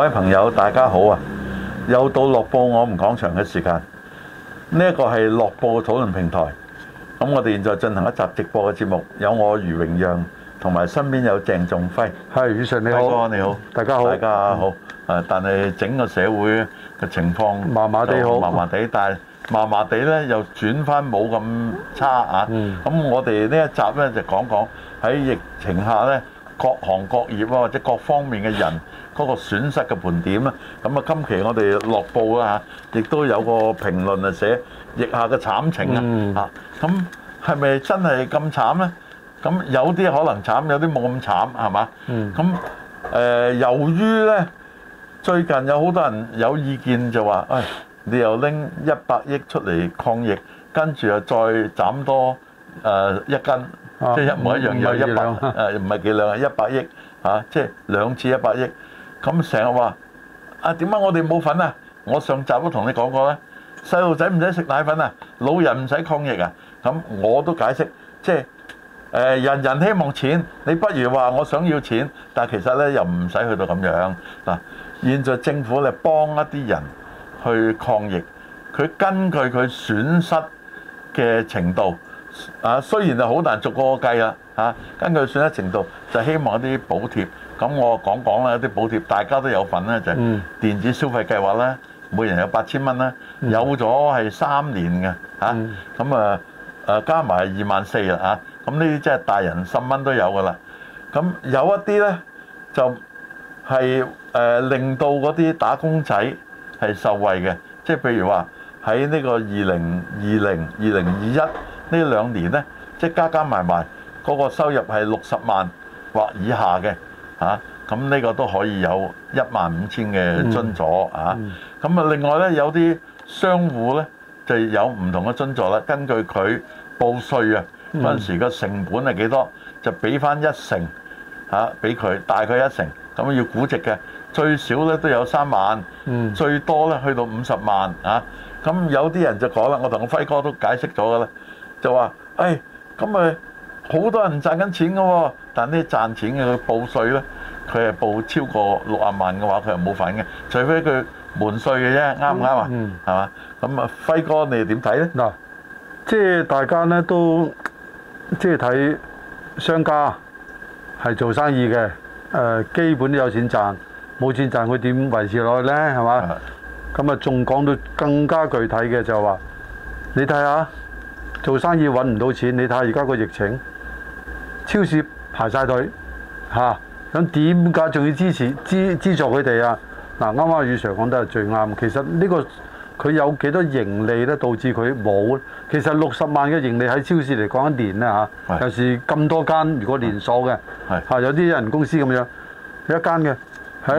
各位朋友，大家好啊！又到樂報我哋講場嘅時間，呢、這、一個係樂報討論平台。咁我哋現在進行一集直播嘅節目，有我余榮讓，同埋身邊有鄭仲輝。係，余 Sir 你好。你好，大家好。大家好。誒、嗯，但係整個社會嘅情況麻麻地好，麻麻地，但係麻麻地咧又轉返冇咁差啊！咁、嗯、我哋呢一集咧就講講喺疫情下咧，各行各業啊，或者各方面嘅人。 嗰個損失嘅盤點啊，咁啊，今期我哋樂報啊，亦都有個評論嚟寫，疫下嘅慘情啊，啊，咁係咪真係咁慘咧？咁有啲可能慘，有啲冇咁慘，係嘛？嗯，咁誒，由於咧最近有好多人有意見就話，誒，你又拎一百億出嚟抗疫，跟住又再斬多誒一斤，即係一模一樣又一百，誒唔係幾兩啊？一百億啊，即係兩次一百億。咁成日話啊，點解我哋冇份啊？我上集都同你講過啦，細路仔唔使食奶粉啊，老人唔使抗疫啊。咁我都解釋，即係呃，人人希望錢，你不如話我想要錢，但係其實咧又唔使去到咁樣嗱，啊。現在政府咧幫一啲人去抗疫，佢根據佢損失嘅程度啊，雖然係好難逐個計啦嚇，啊，根據損失程度就希望啲補貼。咁我講講啦，啲補貼大家都有份咧，就電子消費計劃咧，每人有八千蚊咧，有咗係三年嘅嚇，咁啊誒加埋二萬四啦嚇，咁呢啲即係大人十蚊都有噶啦。咁有一啲咧就係誒令到嗰啲打工仔係受惠嘅，即係譬如話喺呢個二零二零二零二一呢兩年咧，即係加加埋埋嗰個收入係六十萬或以下嘅。嚇，咁呢、啊、個都可以有一萬五千嘅津助、嗯、啊！咁啊，另外呢，有啲商戶呢就有唔同嘅津助啦。根據佢報稅啊，嗰陣、嗯、時個成本係幾多，就俾翻一成嚇俾佢，大概一成。咁、啊、要估值嘅，最少呢都有三萬，嗯、最多呢去到五十萬啊！咁有啲人就講啦，我同阿輝哥都解釋咗㗎啦，就話誒咁誒。哎好多人唔賺緊錢嘅喎、哦，但啲賺錢嘅佢報稅咧，佢係報超過六啊萬嘅話，佢係冇份嘅，除非佢瞞稅嘅啫，啱唔啱啊？係嘛？咁啊、嗯，輝哥你點睇咧？嗱、嗯，即係大家咧都即係睇商家係做生意嘅，誒、呃、基本都有錢賺，冇錢賺佢點維持落去咧？係嘛？咁啊、嗯，仲講、嗯、到更加具體嘅就係話，你睇下做生意揾唔到錢，你睇下而家個疫情。超市排晒隊嚇，咁點解仲要支持資資助佢哋啊？嗱、啊，啱啱余 Sir 講得係最啱。其實呢、呢個佢有幾多盈利咧，導致佢冇咧。其實六十萬嘅盈利喺超市嚟講一年咧嚇，又、啊、是咁多間，如果連鎖嘅，嚇有啲人公司咁樣，一間嘅，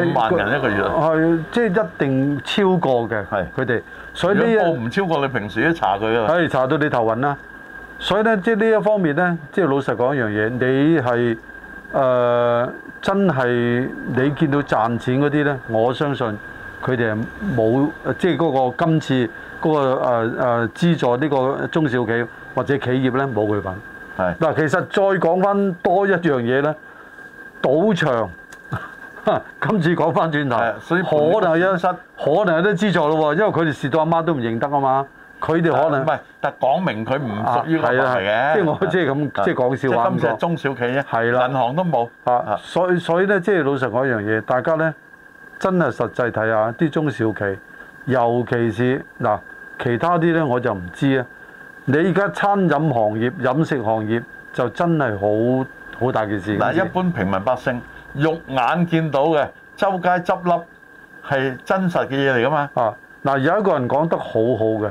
五萬人一個月，係即係一定超過嘅，係佢哋。所以呢個，唔超過你是平時都查佢啊，係查到你頭暈啦。所以咧，即係呢一方面咧，即係老實講一樣嘢，你係誒、呃、真係你見到賺錢嗰啲咧，我相信佢哋係冇即係嗰個今次嗰、嗰個誒誒、呃啊、資助呢個中小企或者企業咧冇佢份。係嗱，的其實再講翻多一樣嘢咧，賭場， 今次講翻轉頭，可能係一失，可能有啲資助咯，因為佢哋蝕到阿媽都唔認得啊嘛。佢哋可能唔、euh, 係，但講明佢唔屬於銀行嘅，即係我即係咁，即係的講笑話。今時係中小企啫，銀行都冇，所以所以咧，即係老實講一樣嘢，大家咧真係實際睇下啲中小企，尤其是嗱其他啲咧，我就唔知啊。你而家餐飲行業、飲食行業就真係好好大件事。嗱，一般平民百姓肉眼見到嘅周街執笠係真實嘅嘢嚟噶嘛？嗱，有一個人講得好好嘅。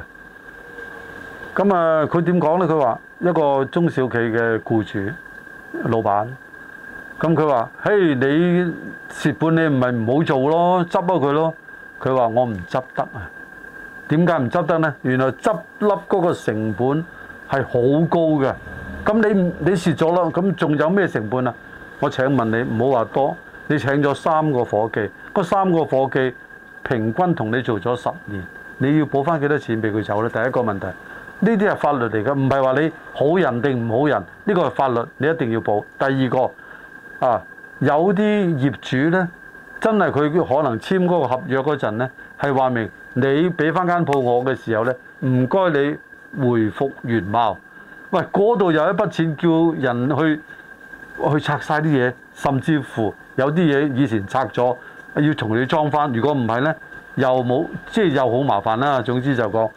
咁啊，佢點講呢？佢話一個中小企嘅僱主老闆，咁佢話：嘿、hey,，你蝕本你唔係唔好做咯，執咗佢咯。佢話我唔執得啊，點解唔執得呢？原來執粒執笠嗰個成本係好高嘅。咁你你蝕咗啦，咁仲有咩成本啊？我請問你，唔好話多，你請咗三個伙計，嗰三個伙計平均同你做咗十年，你要補翻幾多錢俾佢走呢？第一個問題。呢啲係法律嚟嘅，唔係話你好人定唔好人。呢個係法律，你一定要保。第二個啊，有啲業主呢，真係佢可能簽嗰個合約嗰陣咧，係話明你俾翻間鋪我嘅時候呢，唔該你，你回復原貌。喂，嗰度有一筆錢叫人去去拆晒啲嘢，甚至乎有啲嘢以前拆咗要重新裝翻。如果唔係呢，又冇即係又好麻煩啦。總之就講，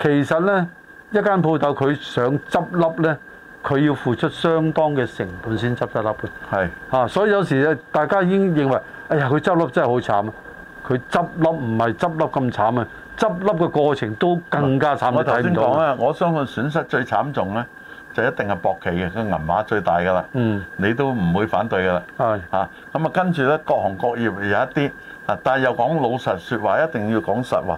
其實呢。一間鋪頭佢想執笠呢，佢要付出相當嘅成本先執得笠嘅。係啊，所以有時大家已經認為，哎呀，佢執笠真係好慘啊！佢執笠唔係執笠咁慘啊，執笠嘅過程都更加慘，啊、我睇唔到，頭先講啊，我相信損失最慘重呢，就一定係博企嘅，佢銀碼最大㗎啦、嗯啊。嗯，你都唔會反對㗎啦。係啊，咁啊，跟住呢，各行各業有一啲啊，但係又講老實説話，一定要講實話。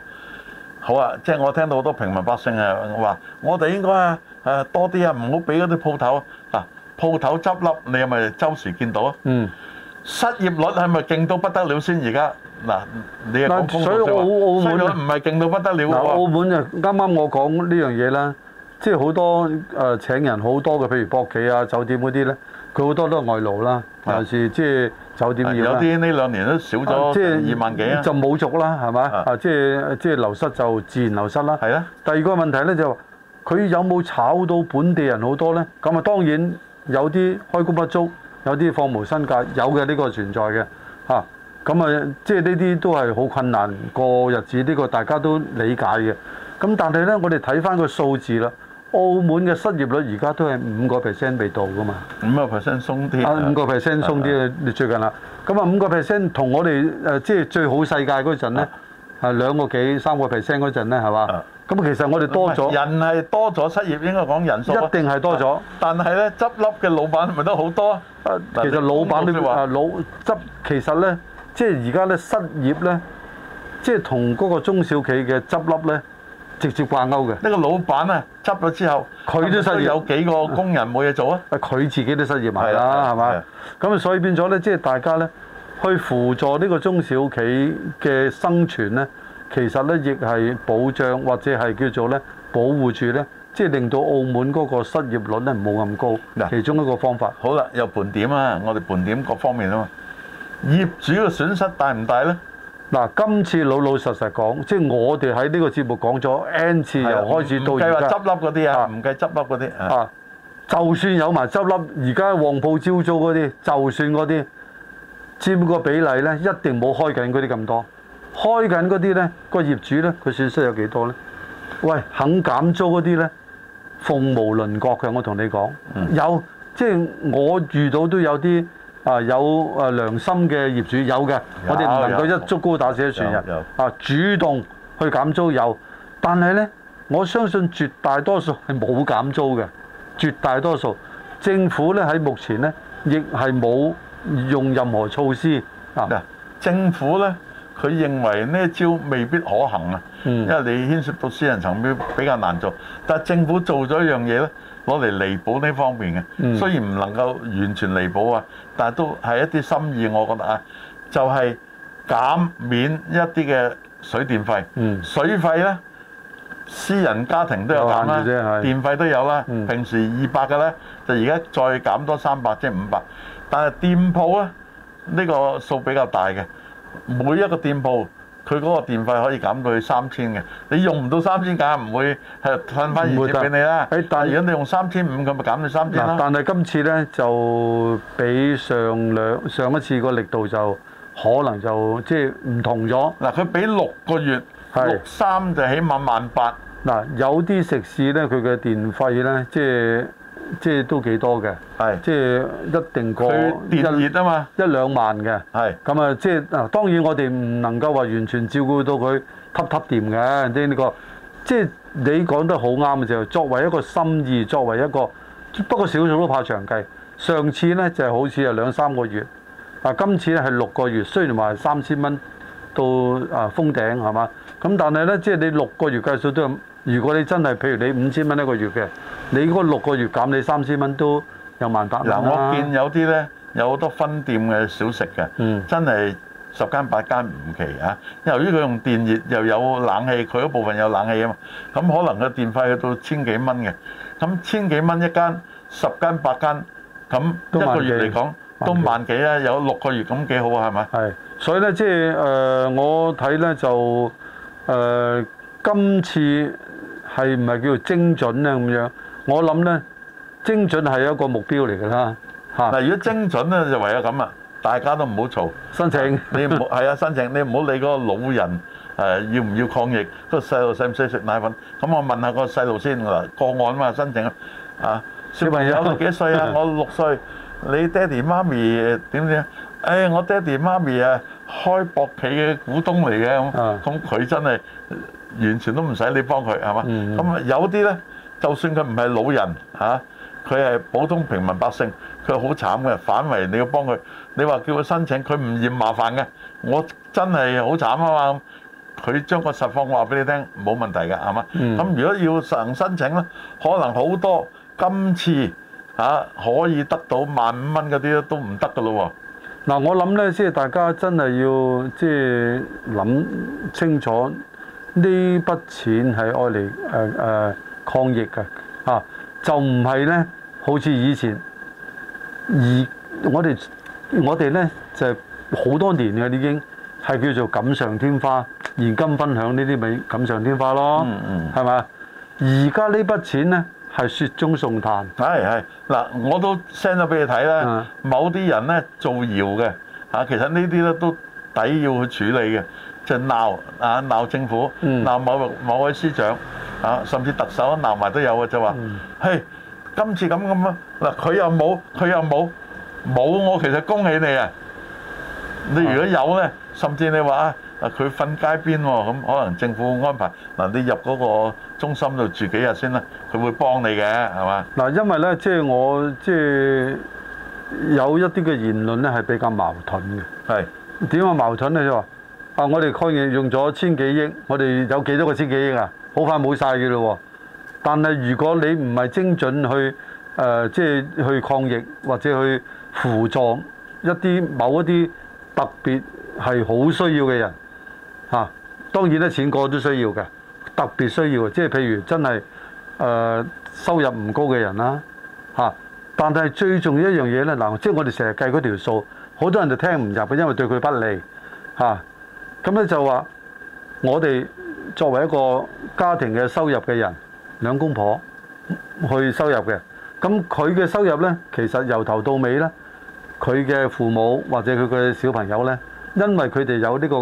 好啊！即、就、係、是、我聽到好多平民百姓啊，話我哋應該啊誒多啲啊，唔好俾嗰啲鋪頭嗱、啊、鋪頭執笠。你係咪周時見到啊？嗯，失業率係咪勁到不得了先？而家嗱，你又講工作少咗，失業率唔係勁到不得了、啊、澳門啊，啱啱我講呢樣嘢啦，即係好多誒、呃、請人好多嘅，譬如博企啊、酒店嗰啲咧，佢好多都係外勞啦，尤其是即係。啊。酒店業有啲呢兩年都少咗即、啊即係、二萬幾、啊啊，就冇足啦，係咪？啊？即係即係流失就自然流失啦。係啊的。第二個問題咧就佢有冇炒到本地人好多咧？咁啊，當然有啲開工不足，有啲放無薪假，有嘅呢個存在嘅嚇。咁啊，即係呢啲都係好困難過日子，呢、呢個大家都理解嘅。咁但係咧，我哋睇翻個數字啦。澳門嘅失業率而家都係五個 percent 未到噶嘛？五個 percent 鬆啲，五個 percent 鬆啲你的最近啦，咁啊五個 percent 同我哋誒即係最好世界嗰陣咧係兩個幾三個 percent 嗰陣咧係嘛？咁的其實我哋多咗人係多咗失業，應該講人數一定係多咗。但係咧執笠嘅老闆係咪都好多啊？其實老闆啲老執、啊、其實咧即係而家咧失業咧，即係同嗰個中小企嘅執笠咧。直接掛鈎嘅呢個老闆啊，執咗之後佢都失業，有幾個工人冇嘢做啊？佢 自己都失業埋啦，係咪？咁啊，所以變咗呢，即係大家呢，去輔助呢個中小企嘅生存呢，其實呢，亦係保障或者係叫做呢，保護住呢，即係令到澳門嗰個失業率呢冇咁高。嗱，其中一個方法。好啦，有盤點啊，我哋盤點各方面啊嘛。業主嘅損失大唔大呢？嗱，今次老老實實講，即係我哋喺呢個節目講咗 N 次，的由開始到而家。唔計話執笠嗰啲啊，唔計執笠嗰啲。啊，就算有埋執笠，而家旺鋪招租嗰啲，就算嗰啲佔個比例咧，一定冇開緊嗰啲咁多。開緊嗰啲咧，個業主咧，佢損失有幾多咧？喂，肯減租嗰啲咧，鳳毛麟角嘅。我同你講，有、嗯、有即係我遇到都有啲。啊，有啊良心嘅業主有嘅，有，我哋唔能夠一竹篙打死一船人啊，主動去減租有，但係呢，我相信絕大多數係冇減租嘅，絕大多數政府呢，喺目前呢，亦係冇用任何措施嗱、啊啊，政府呢，佢認為呢招未必可行啊。因為你牽涉到私人層面比較難做，但係政府做咗一樣嘢咧，攞嚟彌補呢方面嘅。雖然唔能夠完全彌補啊，但係都係一啲心意，我覺得啊，就係、是、減免一啲嘅水電費。水費呢，私人家庭都有減啦，電費都有啦。嗯、平時二百嘅呢，就而家再減多三百，即係五百。但係店鋪呢，呢、呢個數比較大嘅，每一個店鋪。佢嗰個電費可以減佢三千嘅，你用唔到三千，梗係唔會係返翻現金俾你啦。誒，但如果你用三千五，咁咪減你三千啦。但係今次咧就比上兩上一次個力度就可能就即係唔同咗。嗱，佢俾六個月，係六三就起碼萬八。嗱、啊，有啲食肆咧，佢嘅電費咧，即係。即係即係都幾多嘅的，係即係一定個電熱啊嘛一，一兩萬嘅，係咁啊！即係嗱，當然我哋唔能夠話完全照顧到佢揷揷掂嘅，即係呢個，即係你講得好啱嘅就，作為一個心意，作為一個不過少數都怕長計。上次呢就係好似啊兩三個月，啊今次呢係六個月，雖然話三千蚊到啊封頂係嘛，咁但係呢，即係你六個月計數都係。如果你真係，譬如你五千蚊一個月嘅，你應該六個月減你三千蚊都有萬八。嗱，我見有啲咧有好多分店嘅小食嘅，真係十間八間唔奇啊！由於佢用電熱又有冷氣，佢嗰部分有冷氣啊嘛，咁可能個電費去到千幾蚊嘅，咁千幾蚊一間，十間八間，咁一個月嚟講都萬幾啦。有六個月咁幾好啊，係咪？係，所以咧即係誒，我睇咧就誒今次。係唔係叫做精準咧咁樣？我諗呢，精準係一個目標嚟噶啦。嗱，如果精準呢，就唯有咁啊，大家都唔好嘈。申請你唔係，那個、啊？申請你唔好理嗰個老人誒，要唔要抗疫？個細路使唔使食奶粉？咁我問下個細路先，我個案嘛申請啊。小朋友幾歲啊？我六歲。你爹哋媽咪點點？誒，我爹哋媽咪誒開博企嘅股東嚟嘅咁，咁佢真係。完全都唔使你幫佢，係嘛？咁、嗯、有啲呢，就算佢唔係老人嚇，佢、啊、係普通平民百姓，佢好慘嘅。反為你要幫佢，你話叫佢申請，佢唔嫌麻煩嘅。我真係好慘啊嘛！佢將個實況話俾你聽，冇問題嘅，係嘛？咁、嗯、如果要實行申請呢，可能好多今次嚇、啊、可以得到萬五蚊嗰啲都唔得嘅咯。嗱，嗯、我諗呢，即係大家真係要即係諗清楚。呢筆錢係愛嚟誒誒抗疫嘅嚇、啊，就唔係咧，好似以前，而我哋我哋咧就係好多年嘅已經係叫做錦上添花，現金分享呢啲咪錦上添花咯，係咪、嗯？而家呢筆錢咧係雪中送炭，係係嗱，我都 send 咗俾你睇啦。嗯、某啲人咧造謠嘅嚇，其實呢啲咧都抵要去處理嘅。就鬧啊！鬧政府，鬧某某位司長啊，甚至特首鬧埋都有啊！就話，嘿，今次咁咁啊！嗱，佢又冇，佢又冇，冇！我其實恭喜你啊！你如果有咧，甚至你話啊，嗱，佢瞓街邊喎，咁可能政府安排嗱，你入嗰個中心度住幾日先啦，佢會幫你嘅，係嘛。嗱，因為咧，即係我即係有一啲嘅言論咧，係比較矛盾嘅。係點啊？矛盾咧？就話。啊！我哋抗疫用咗千幾億，我哋有幾多個千幾億啊？好快冇晒嘅咯喎！但係如果你唔係精準去誒、呃，即係去抗疫或者去扶助一啲某一啲特別係好需要嘅人嚇、啊。當然啦，錢個都需要嘅，特別需要，即係譬如真係誒、呃、收入唔高嘅人啦嚇、啊。但係最重要一樣嘢咧，嗱，即係我哋成日計嗰條數，好多人就聽唔入，因為對佢不利嚇。啊。咁咧就話我哋作為一個家庭嘅收入嘅人，兩公婆去收入嘅，咁佢嘅收入呢，其實由頭到尾呢，佢嘅父母或者佢嘅小朋友呢，因為佢哋有呢個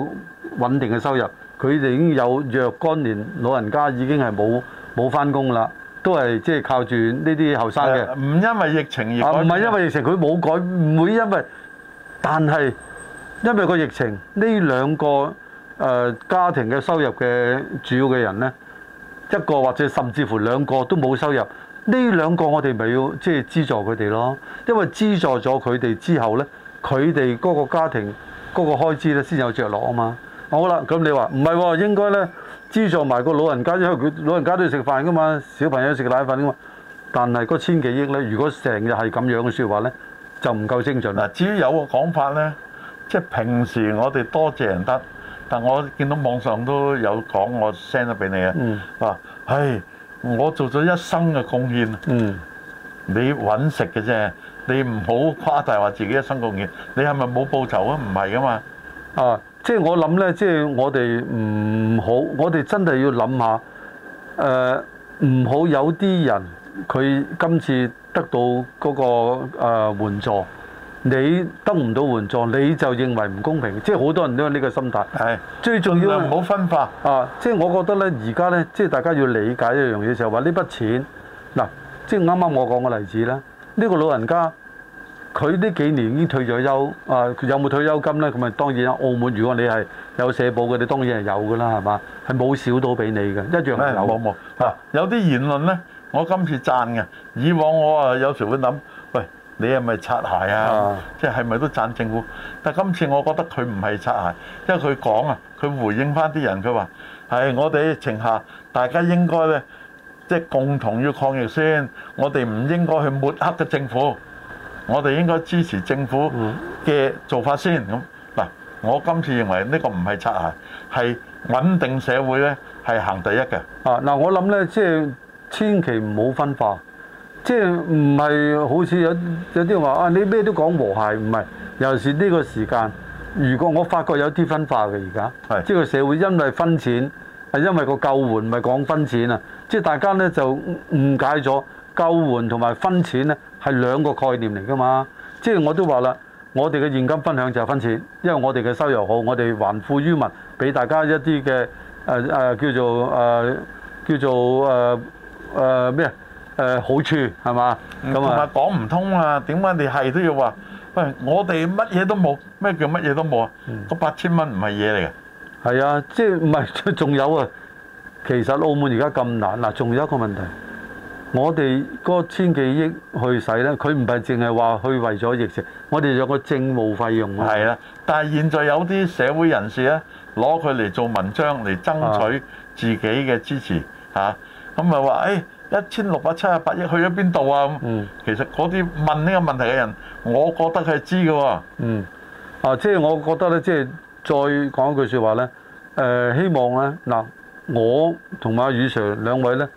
穩定嘅收入，佢哋已經有若干年老人家已經係冇冇返工啦，都係即係靠住呢啲後生嘅。唔因為疫情而改，唔係因為疫情，佢冇改，唔會因為，但係。因為個疫情，呢兩個誒、呃、家庭嘅收入嘅主要嘅人呢，一個或者甚至乎兩個都冇收入，呢兩個我哋咪要即係資助佢哋咯。因為資助咗佢哋之後呢，佢哋嗰個家庭嗰、嗰個開支呢先有着落啊嘛。好啦，咁你話唔係喎，應該呢資助埋個老人家，因為佢老人家都要食飯噶嘛，小朋友食奶粉噶嘛。但係嗰千幾億呢，如果成日係咁樣嘅説話呢，就唔夠精準啦。至於有個講法呢。即係平時我哋多謝，謝人得，但我見到網上都有講，我 send 咗俾你嘅，話、嗯：，唉，我做咗一生嘅貢獻，嗯、你揾食嘅啫，你唔好誇大話自己一生貢獻，你係咪冇報酬啊？唔係噶嘛，啊，即係我諗咧，即係我哋唔好，我哋真係要諗下，誒、呃，唔好有啲人佢今次得到嗰、嗰個、呃、援助。你得唔到援助，你就認為唔公平，即係好多人都有呢個心態。係是最重要唔好分化啊！即係我覺得呢，而家呢，即係大家要理解一樣嘢，就係話呢筆錢嗱、啊，即係啱啱我講嘅例子啦。呢、呢個老人家佢呢幾年已經退咗休啊，佢有冇退休金呢？咁咪當然，澳門如果你係有社保嘅，你當然係有噶啦，係嘛？係冇少到俾你嘅一樣。有冇冇？有啲言論呢，我今次贊嘅，以往我啊有時會諗。你係咪擦鞋啊？即係咪都贊政府？但今次我覺得佢唔係擦鞋，因為佢講啊，佢回應翻啲人，佢話：係、哎、我哋情下，大家應該咧，即係共同要抗疫先，我哋唔應該去抹黑嘅政府，我哋應該支持政府嘅做法先。咁嗱、嗯，我今次認為呢個唔係擦鞋，係穩定社會咧，係行第一嘅。啊，嗱，我諗咧，即係千祈唔好分化。即係唔係好似有有啲人話啊？你咩都講和諧，唔係尤其是呢個時間。如果我發覺有啲分化嘅而家，是的 即係社會因為分錢，係因為個救援唔係講分錢啊！即係大家咧就誤解咗救援同埋分錢咧係兩個概念嚟㗎嘛。即係我都話啦，我哋嘅現金分享就係分錢，因為我哋嘅收入好，我哋還富於民，俾大家一啲嘅誒誒叫做誒、呃、叫做誒誒咩？呃呃誒、呃、好處係嘛？咁同埋講唔通啊！點解你係都要話？喂，我哋乜嘢都冇，咩叫乜嘢都冇、嗯、啊？八千蚊唔係嘢嚟嘅。係啊，即係唔係？仲有啊，其實澳門而家咁難嗱，仲有一個問題，我哋嗰千幾億去使咧，佢唔係淨係話去為咗疫情，我哋有個政務費用啊。係啦，但係現在有啲社會人士咧，攞佢嚟做文章嚟爭取自己嘅支持嚇，咁咪話誒？啊嗯嗯一千六百七十八億去咗邊度啊？嗯、其實嗰啲問呢個問題嘅人，我覺得佢係知㗎喎、啊嗯。啊，即係我覺得咧，即係再講一句説話咧。誒、呃，希望咧嗱，我同阿宇 Sir 兩位咧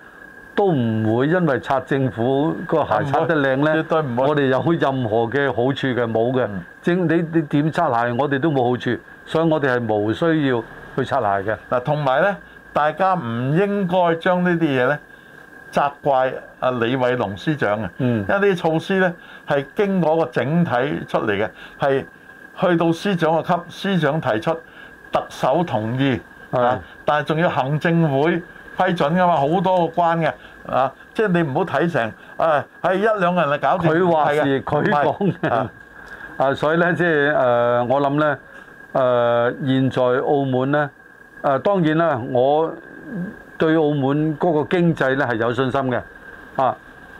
都唔會因為擦政府個鞋擦、嗯、得靚咧，會我哋有開任何嘅好處嘅冇嘅。政、嗯、你你點擦鞋，我哋都冇好處，所以我哋係無需要去擦鞋嘅。嗱、嗯，同埋咧，大家唔應該將呢啲嘢咧。責怪阿李偉農司長啊，嗯、因為啲措施咧係經過個整體出嚟嘅，係去到司長個級，司長提出特首同意啊，的但係仲要行政會批准㗎嘛，好多個關嘅啊，即係你唔好睇成誒係、啊、一兩個人嚟搞掂佢話事，佢講嘅啊，所以咧即係誒，我諗咧誒，現在澳門咧誒、呃，當然啦，我。對澳門嗰個經濟咧係有信心嘅，啊，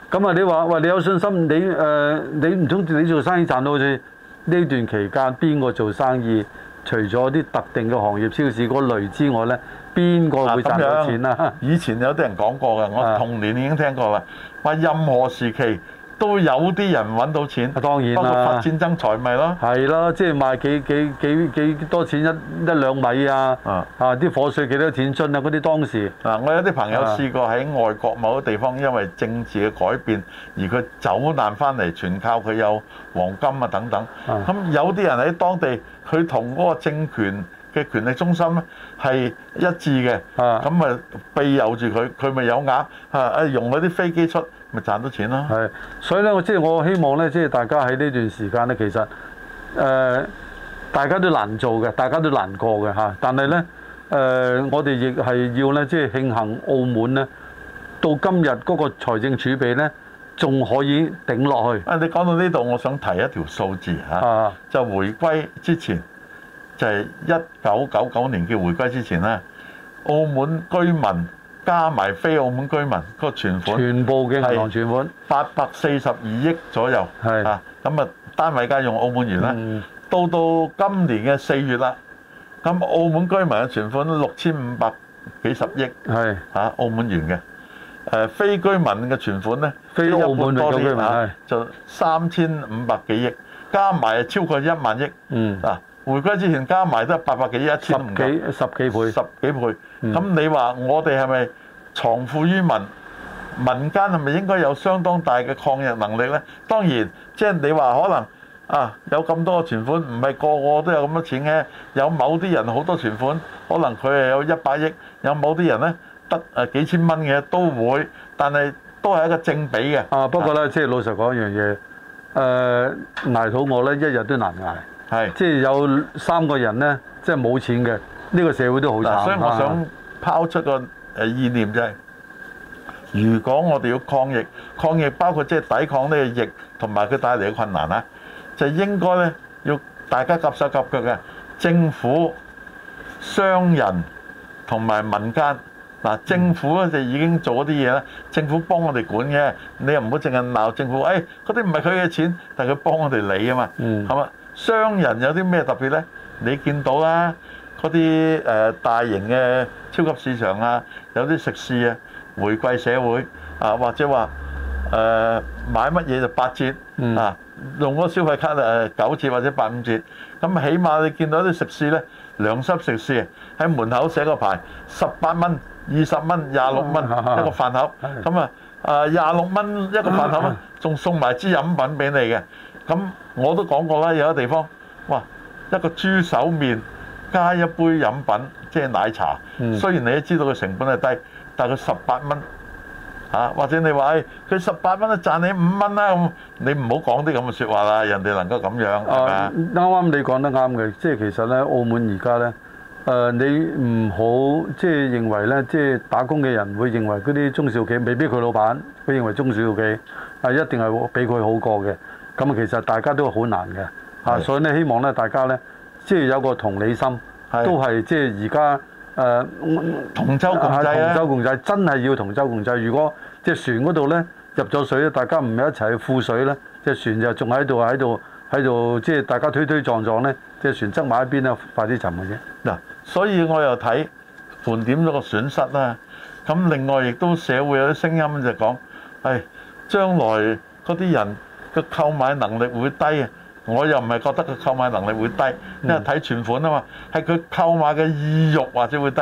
咁啊你話喂你有信心你誒、呃、你唔通你做生意賺到好似呢段期間邊個做生意除咗啲特定嘅行業、超市嗰類之外咧，邊個會賺到錢啊？以前有啲人講過嘅，我同年已經聽過啦。喂、啊，任何時期。都有啲人揾到錢，當然啦、啊，包括發戰爭財咪咯，係咯，即係賣幾幾幾幾多錢一一兩米啊，的啊啲火水幾多錢樽啊，嗰啲當時。嗱、啊，我有啲朋友試過喺外國某個地方，因為政治嘅改變而佢走難翻嚟，全靠佢有黃金啊等等。咁、啊、有啲人喺當地，佢同嗰個政權嘅權力中心咧係一致嘅，咁咪、啊、庇佑住佢，佢咪有額啊，用嗰啲飛機出。咪賺到錢咯。係，所以咧，我即係我希望咧，即係大家喺呢段時間咧，其實誒，大家都難做嘅，大家都難過嘅嚇。但係咧，誒，我哋亦係要咧，即係慶幸澳門咧，到今日嗰個財政儲備咧，仲可以頂落去。啊，你講到呢度，我想提一條數字嚇。啊，就回歸之前，就係一九九九年嘅回歸之前咧，澳門居民，加埋非澳門居民個存款，全部嘅銀行存款八百四十二億左右，係是啊，咁啊單位家用澳門元啦，嗯、到到今年嘅四月啦，咁澳門居民嘅存款六千五百幾十億，係嚇是、啊、澳門元嘅，誒、呃、非居民嘅存款咧，非澳門多啲、啊、是就三千五百幾億，加埋超過一萬億，嗯啊。回歸之前加埋都係八百幾億一千幾，十幾倍，十幾倍。咁、嗯、你話我哋係咪藏富於民？民間係咪應該有相當大嘅抗日能力呢？當然，即係你話可能啊，有咁多存款，唔係個個都有咁多錢嘅。有某啲人好多存款，可能佢係有一百億；有某啲人呢，得誒幾千蚊嘅都會，但係都係一個正比嘅。啊，但係啊，不過呢，即係老實講一樣嘢，誒、呃，捱肚餓呢一日都難捱。係，是即係有三個人咧，即係冇錢嘅，呢個社會都好慘。所以我想拋出個誒意念就係，如果我哋要抗疫，抗疫包括即係抵抗呢個疫同埋佢帶嚟嘅困難啊，就係應該咧要大家夾手夾腳嘅，政府、商人同埋民間。嗱，政府咧就已經做咗啲嘢啦，政府幫我哋管嘅，你又唔好淨係鬧政府，誒嗰啲唔係佢嘅錢，但係佢幫我哋理啊嘛，嗯，係嘛？商人有啲咩特別呢？你見到啦、啊，嗰啲誒大型嘅超級市場啊，有啲食肆啊，回饋社會啊，或者話誒、呃、買乜嘢就八折啊，用嗰個消費卡誒、呃、九折或者八五折。咁起碼你見到啲食肆呢，良心食肆喺門口寫個牌，十八蚊、二十蚊、廿六蚊一個飯盒。咁啊誒廿六蚊一個飯盒啊，仲 送埋支飲品俾你嘅。咁我都講過啦，有啲地方哇，一個豬手麵加一杯飲品，即係奶茶。嗯、雖然你都知道佢成本係低，但係佢十八蚊嚇，或者你話誒，佢十八蚊都賺你五蚊啦咁，你唔好講啲咁嘅説話啦，人哋能夠咁樣係咪、啊、啱啱你講得啱嘅，即係其實咧，澳門而家咧，誒、呃、你唔好即係認為咧，即係打工嘅人會認為嗰啲中小企未必佢老闆，佢認為中小企係一定係比佢好過嘅。咁其實大家都好難嘅，啊的，所以咧，希望咧，大家咧，即係有個同理心，的都係即係而家誒同舟共濟、啊、同舟共濟真係要同舟共濟。如果隻船嗰度咧入咗水咧，大家唔係一齊去戽水咧，隻船就仲喺度喺度喺度，即係大家推推撞撞咧，隻船側埋一邊啊！快啲沉嘅啫。嗱，所以我又睇盤點咗個損失啦。咁另外亦都社會有啲聲音就講，係將來嗰啲人。佢購買能力會低啊！我又唔係覺得佢購買能力會低，會低，嗯、因為睇存款啊嘛。係佢購買嘅意欲或者會低，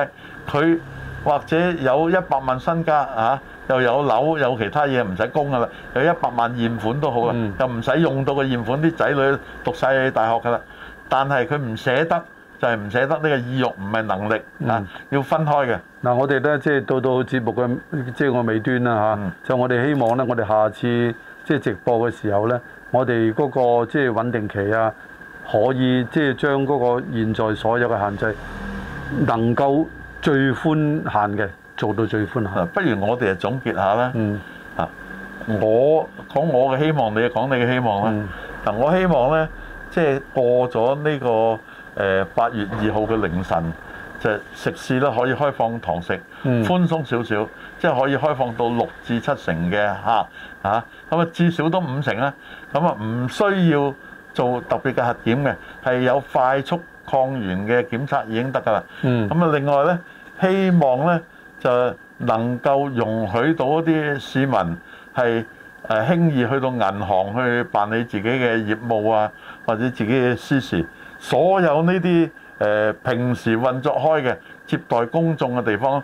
佢或者有一百萬身家啊，又有樓有其他嘢唔使供噶啦，有一百萬現款都好啊，嗯、又唔使用，用到個現款，啲仔女讀曬大學噶啦。但係佢唔捨得，就係、係、唔捨得呢個意欲，唔係能力啊，嗯、要分開嘅。嗱、嗯，嗯嗯、我哋咧即係到到節目嘅即係我尾端啦嚇，就我哋希望咧，我哋下次。即係直播嘅時候呢，我哋嗰個即係穩定期啊，可以即係將嗰個現在所有嘅限制，能夠最寬限嘅做到最寬限。不如我哋就總結下啦、嗯。嗯。我講我嘅希望，你講你嘅希望啦。嗱、嗯，我希望呢，即、就、係、是、過咗呢個誒八月二號嘅凌晨，嗯、就食肆都可以開放堂食，嗯、寬鬆少少，即係可以開放到六至七成嘅嚇嚇，咁啊，啊至少都五成啦。咁啊唔需要做特別嘅核檢嘅，係有快速抗原嘅檢測已經得㗎啦。嗯。咁啊，另外咧，希望咧就能夠容許到一啲市民係誒輕易去到銀行去辦理自己嘅業務啊，或者自己嘅私事。所有呢啲誒平時運作開嘅接待公眾嘅地方。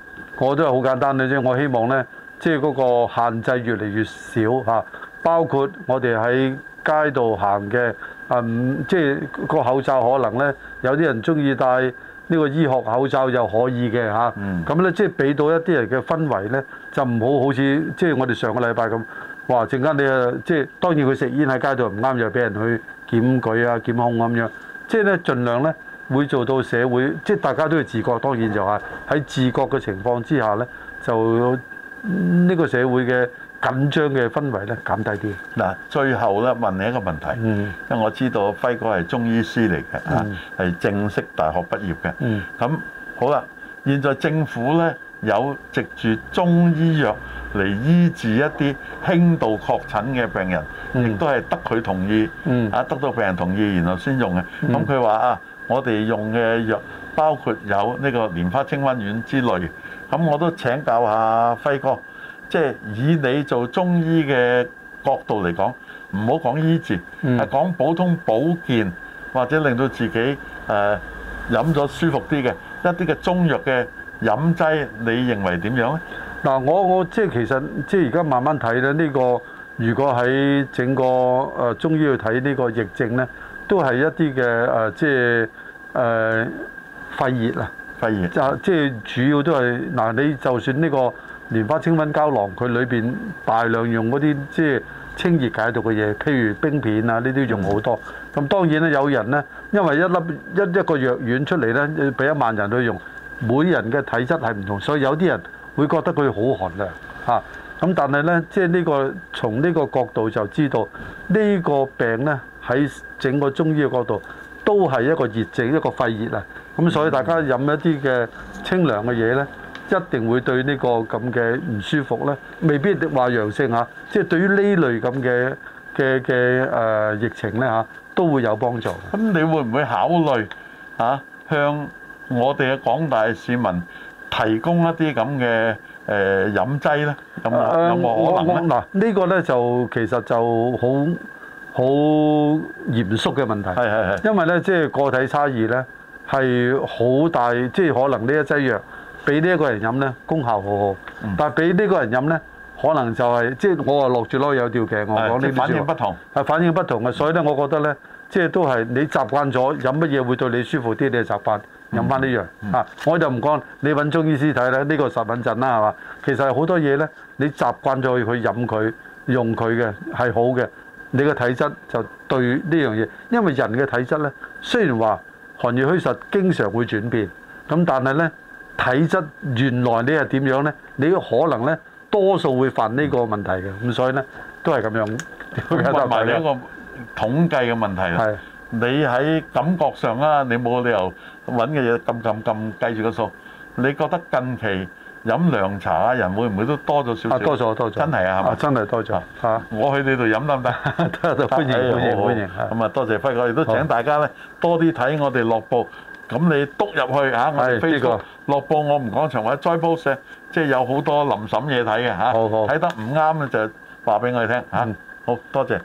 我都係好簡單嘅啫，我希望呢，即係嗰個限制越嚟越少嚇、啊，包括我哋喺街度行嘅，嗯，即係個口罩可能呢，有啲人中意戴呢個醫學口罩又可以嘅嚇，咁、啊嗯、呢，即係俾到一啲人嘅氛圍呢，就唔好好似即係我哋上個禮拜咁，哇！陣間你啊，即係當然佢食煙喺街度唔啱，又俾人去檢舉啊、檢控咁、啊、樣，即係呢，盡量呢。會做到社會，即係大家都要自覺。當然就係、係、喺自覺嘅情況之下呢，就呢個社會嘅緊張嘅氛圍呢，減低啲。嗱，最後呢，問你一個問題，嗯、因為我知道輝哥係中醫師嚟嘅嚇，係、嗯、正式大學畢業嘅。咁、嗯、好啦，現在政府呢，有藉住中醫藥嚟醫治一啲輕度確診嘅病人，亦、嗯、都係得佢同意，啊、嗯、得到病人同意然後先用嘅。咁佢話啊～、嗯嗯我哋用嘅藥包括有呢個蓮花清瘟丸之類，咁我都請教下輝哥，即、就、係、是、以你做中醫嘅角度嚟講，唔好講醫治，係、嗯、講普通保健或者令到自己誒、呃、飲咗舒服啲嘅一啲嘅中藥嘅飲劑，你認為點樣咧？嗱、嗯，我我即係其實即係而家慢慢睇咧，呢、這個如果喺整個誒、呃、中醫去睇呢個疫症呢。都係一啲嘅誒，即係誒肺熱啊，肺熱就即係主要都係嗱、啊，你就算呢個連花清瘟膠囊，佢裏邊大量用嗰啲即係清熱解毒嘅嘢，譬如冰片啊，呢啲用好多。咁當然咧，有人咧，因為一粒一一個藥丸出嚟咧，俾一萬人去用，每人嘅體質係唔同，所以有啲人會覺得佢好寒涼嚇。咁、啊、但係咧，即係呢、呢個從呢個角度就知道呢、呢個病咧。喺整個中醫嘅角度，都係一個熱症，一個肺熱啊！咁所以大家飲一啲嘅清涼嘅嘢咧，一定會對呢個咁嘅唔舒服咧，未必話陽性嚇。即係對於呢類咁嘅嘅嘅誒疫情咧嚇，都會有幫助。咁你會唔會考慮嚇向我哋嘅廣大市民提供一啲咁嘅誒飲劑咧？有冇可能咧？嗱，呢個咧就其實就好。好嚴肅嘅問題，係係係，因為咧即係個體差異咧係好大，即、就、係、是、可能呢一劑藥俾呢一個人飲咧功效好好，嗯、但係俾呢個人飲咧可能就係、是、即係我話落住囉有吊頸，的我講你反應不同，係反應不同嘅，所以咧、嗯、我覺得咧即係都係你習慣咗飲乜嘢會對你舒服啲、嗯嗯啊這個，你習慣飲翻呢樣嚇，我就唔講你揾中醫師睇啦，呢個實品陣啦係嘛？其實好多嘢咧你習慣咗去飲佢用佢嘅係好嘅。你個體質就對呢樣嘢，因為人嘅體質呢，雖然話寒熱虛實經常會轉變，咁但係呢體質原來你係點樣呢？你可能呢，多數會犯呢個問題嘅，咁所以呢，都係咁樣。包括埋你一個統計嘅問題。係嘅。你喺感覺上啦，你冇理由揾嘅嘢撳撳撳計住個數，你覺得近期，飲涼茶啊，人會唔會都多咗少少？多咗多咗，真係啊，係嘛，真係多咗。嚇，我去你度飲得唔得？都歡迎歡迎歡迎。咁啊，多謝輝哥，亦都請大家咧多啲睇我哋落布。咁你督入去嚇，我哋 Facebook 落布，我唔講長話，再鋪社。即係有好多臨審嘢睇嘅嚇。好好睇得唔啱咧，就話俾我哋聽嚇。好多謝。